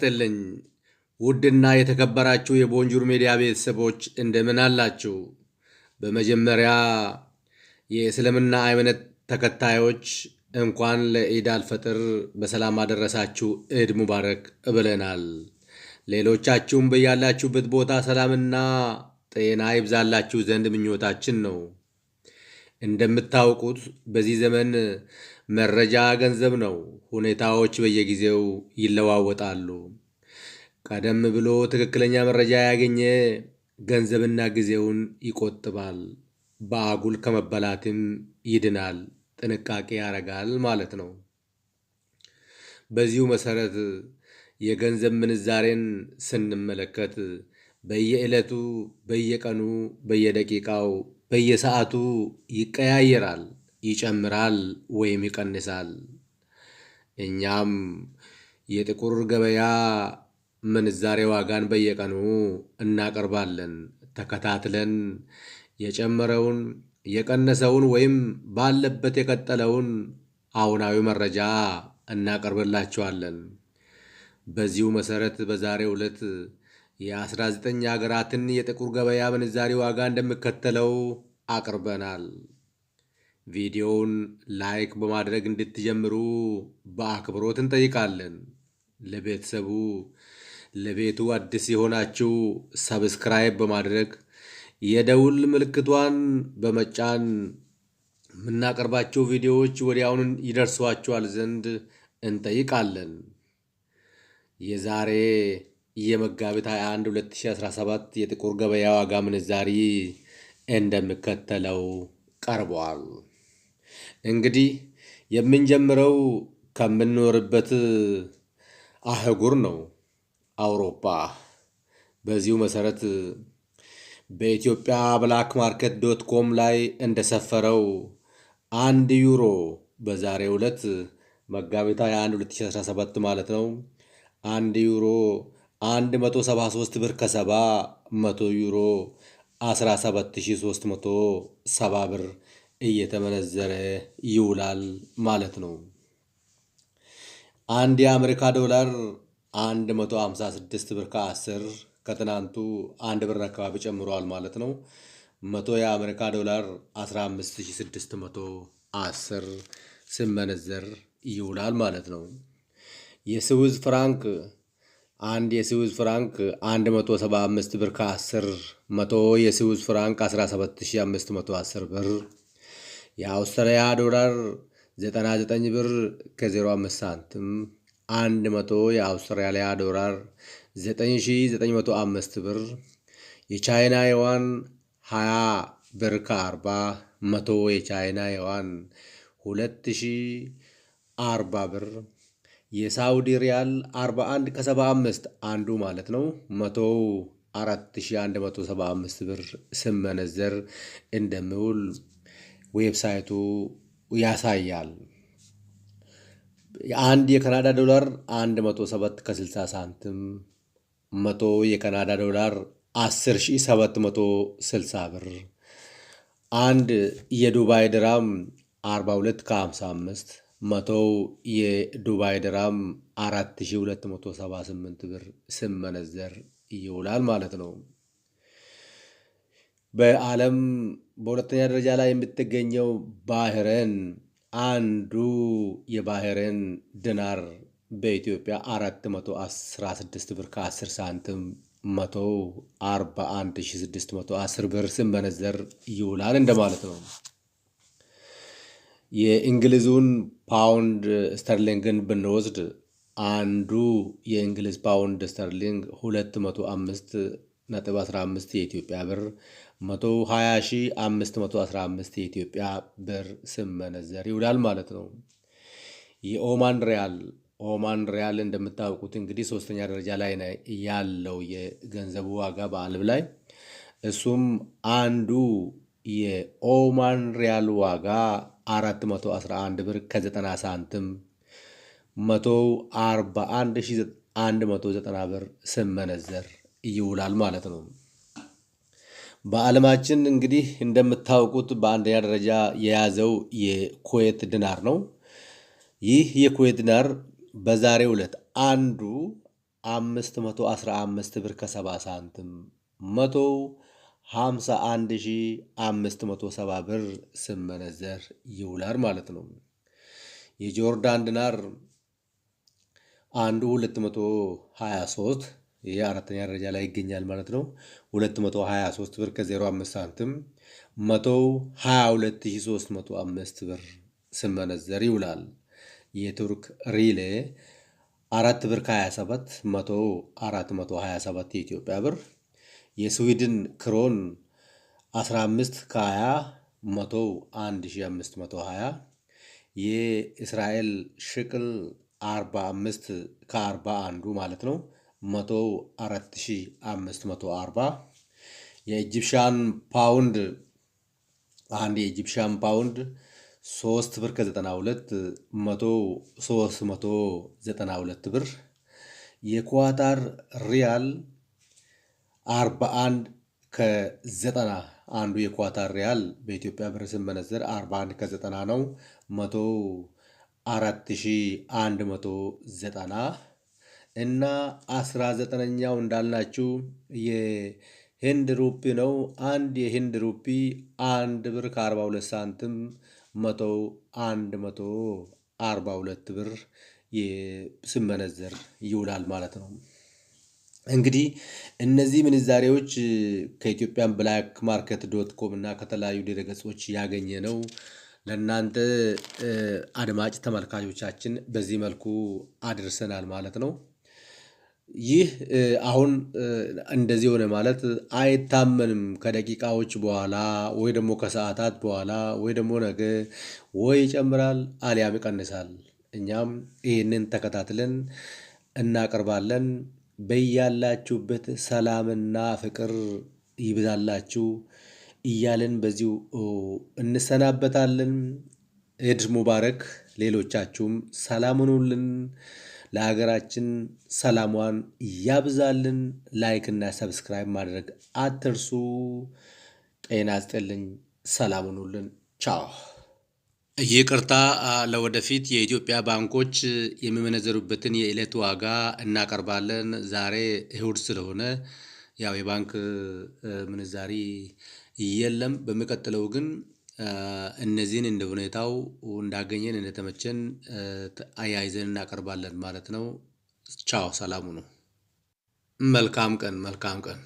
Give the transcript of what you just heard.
ያስጥልኝ ውድና የተከበራችሁ የቦንጁር ሚዲያ ቤተሰቦች እንደምን አላችሁ? በመጀመሪያ የእስልምና እምነት ተከታዮች እንኳን ለኢድ አልፈጥር በሰላም አደረሳችሁ፣ ኢድ ሙባረክ ብለናል። ሌሎቻችሁም በያላችሁበት ቦታ ሰላምና ጤና ይብዛላችሁ ዘንድ ምኞታችን ነው። እንደምታውቁት በዚህ ዘመን መረጃ ገንዘብ ነው። ሁኔታዎች በየጊዜው ይለዋወጣሉ። ቀደም ብሎ ትክክለኛ መረጃ ያገኘ ገንዘብና ጊዜውን ይቆጥባል። በአጉል ከመበላትም ይድናል፣ ጥንቃቄ ያደርጋል ማለት ነው። በዚሁ መሰረት የገንዘብ ምንዛሬን ስንመለከት በየዕለቱ፣ በየቀኑ፣ በየደቂቃው፣ በየሰዓቱ ይቀያየራል። ይጨምራል ወይም ይቀንሳል። እኛም የጥቁር ገበያ ምንዛሬ ዋጋን በየቀኑ እናቀርባለን። ተከታትለን የጨመረውን የቀነሰውን ወይም ባለበት የቀጠለውን አሁናዊ መረጃ እናቀርብላቸዋለን። በዚሁ መሰረት በዛሬው ዕለት የ19 ሀገራትን የጥቁር ገበያ ምንዛሬ ዋጋ እንደሚከተለው አቅርበናል። ቪዲዮውን ላይክ በማድረግ እንድትጀምሩ በአክብሮት እንጠይቃለን። ለቤተሰቡ ለቤቱ አዲስ የሆናችሁ ሰብስክራይብ በማድረግ የደውል ምልክቷን በመጫን የምናቀርባቸው ቪዲዮዎች ወዲያውን ይደርሷችኋል ዘንድ እንጠይቃለን። የዛሬ የመጋቢት 21 2017 የጥቁር ገበያ ዋጋ ምንዛሪ እንደሚከተለው ቀርቧል። እንግዲህ የምንጀምረው ከምንኖርበት አህጉር ነው፣ አውሮፓ። በዚሁ መሰረት በኢትዮጵያ ብላክ ማርኬት ዶት ኮም ላይ እንደሰፈረው አንድ ዩሮ በዛሬው ዕለት መጋቢት 21 2017 ማለት ነው አንድ ዩሮ 173 ብር ከ70 100 ዩሮ 17370 ብር እየተመነዘረ ይውላል ማለት ነው። አንድ የአሜሪካ ዶላር 156 ብር ከ10 ከትናንቱ አንድ ብር አካባቢ ጨምሯል ማለት ነው። መቶ የአሜሪካ ዶላር 15610 ሲመነዘር ይውላል ማለት ነው። የስዊዝ ፍራንክ አንድ የስዊዝ ፍራንክ 175 ብር ከ10 መቶ የስዊዝ ፍራንክ 17510 ብር የአውስትራሊያ ዶላር 99 ብር ከ05 ሳንቲም 100 የአውስትራሊያ ዶላር 9905 ብር የቻይና የዋን 20 ብር ከ40 መቶ የቻይና የዋን 2040 ብር የሳውዲ ሪያል 41 ከ75 አንዱ ማለት ነው። መቶው 4175 ብር ስመነዘር እንደምውል ዌብሳይቱ ያሳያል። አንድ የካናዳ ዶላር 107 ከ60 ሳንቲም፣ 100 የካናዳ ዶላር 10760 ብር፣ አንድ የዱባይ ድራም 42 ከ55፣ 100 የዱባይ ድራም 4278 ብር ስመነዘር ይውላል ማለት ነው። በዓለም በሁለተኛ ደረጃ ላይ የምትገኘው ባህረን አንዱ የባህረን ዲናር በኢትዮጵያ 416 ብር ከ10 ሳንቲም 141610 ብር ሲመነዘር ይውላል እንደማለት ነው። የእንግሊዙን ፓውንድ ስተርሊንግን ብንወስድ አንዱ የእንግሊዝ ፓውንድ ስተርሊንግ 205 ነጥብ 15 የኢትዮጵያ ብር 120 የኢትዮጵያ ብር ስመነዘር ይውላል ማለት ነው። የኦማን ሪያል ኦማን ሪያል እንደምታውቁት እንግዲህ ሶስተኛ ደረጃ ላይ ያለው የገንዘቡ ዋጋ በዓለም ላይ እሱም አንዱ የኦማን ሪያል ዋጋ 411 ብር ከ90 ሳንቲም 141190 ብር ስመነዘር ይውላል ማለት ነው። በዓለማችን እንግዲህ እንደምታውቁት በአንደኛ ደረጃ የያዘው የኩዌት ዲናር ነው። ይህ የኩዌት ዲናር በዛሬው ዕለት አንዱ 515 ብር ከ70 ሳንቲም መቶ 51570 ብር ስመነዘር ይውላል ማለት ነው። የጆርዳን ዲናር አንዱ 223 አራተኛ ደረጃ ላይ ይገኛል ማለት ነው። 223 ብር ከ05 ሳንቲም 122305 ብር ስመነዘር ይውላል። የቱርክ ሪሌ 4 ብር ከ27 427 የኢትዮጵያ ብር። የስዊድን ክሮን 15 ከ20 1520 የእስራኤል ሽቅል 45 ከ 41 ማለት ነው መቶ አራት ሺ አምስት መቶ አርባ የኢጂፕሽያን ፓውንድ አንድ የኢጂፕሽያን ፓውንድ ሶስት ብር ከዘጠና ሁለት መቶ ሶስት መቶ ዘጠና ሁለት ብር የኳታር ሪያል አርባ አንድ ከዘጠና አንዱ የኳታር ሪያል በኢትዮጵያ ብር ሲመነዘር አርባ አንድ ከዘጠና ነው። መቶ አራት ሺ አንድ መቶ ዘጠና እና አስራ ዘጠነኛው እንዳልናችሁ የህንድ ሩፒ ነው። አንድ የህንድ ሩፒ አንድ ብር ከአርባ ሁለት ሳንቲም መቶ አንድ መቶ አርባ ሁለት ብር ስመነዘር ይውላል ማለት ነው። እንግዲህ እነዚህ ምንዛሬዎች ከኢትዮጵያን ብላክ ማርኬት ዶት ኮም እና ከተለያዩ ድረገጾች ያገኘ ነው። ለእናንተ አድማጭ ተመልካቾቻችን በዚህ መልኩ አድርሰናል ማለት ነው። ይህ አሁን እንደዚህ ሆነ ማለት አይታመንም። ከደቂቃዎች በኋላ ወይ ደግሞ ከሰዓታት በኋላ ወይ ደግሞ ነገ ወይ ይጨምራል አሊያም ይቀንሳል። እኛም ይህንን ተከታትለን እናቀርባለን። በያላችሁበት ሰላምና ፍቅር ይብዛላችሁ እያልን በዚሁ እንሰናበታለን። ኢድ ሙባረክ። ሌሎቻችሁም ሰላም ሁኑልን። ለሀገራችን ሰላሟን ያብዛልን። ላይክና ሰብስክራይብ ማድረግ አትርሱ። ጤና ይስጥልኝ። ሰላም ሁኑልን። ቻው። ይቅርታ ለወደፊት የኢትዮጵያ ባንኮች የሚመነዘሩበትን የዕለት ዋጋ እናቀርባለን። ዛሬ እሁድ ስለሆነ ያው የባንክ ምንዛሪ የለም። በሚቀጥለው ግን እነዚህን እንደ ሁኔታው እንዳገኘን እንደተመቸን አያይዘን እናቀርባለን ማለት ነው። ቻው፣ ሰላሙ ነው መልካም ቀን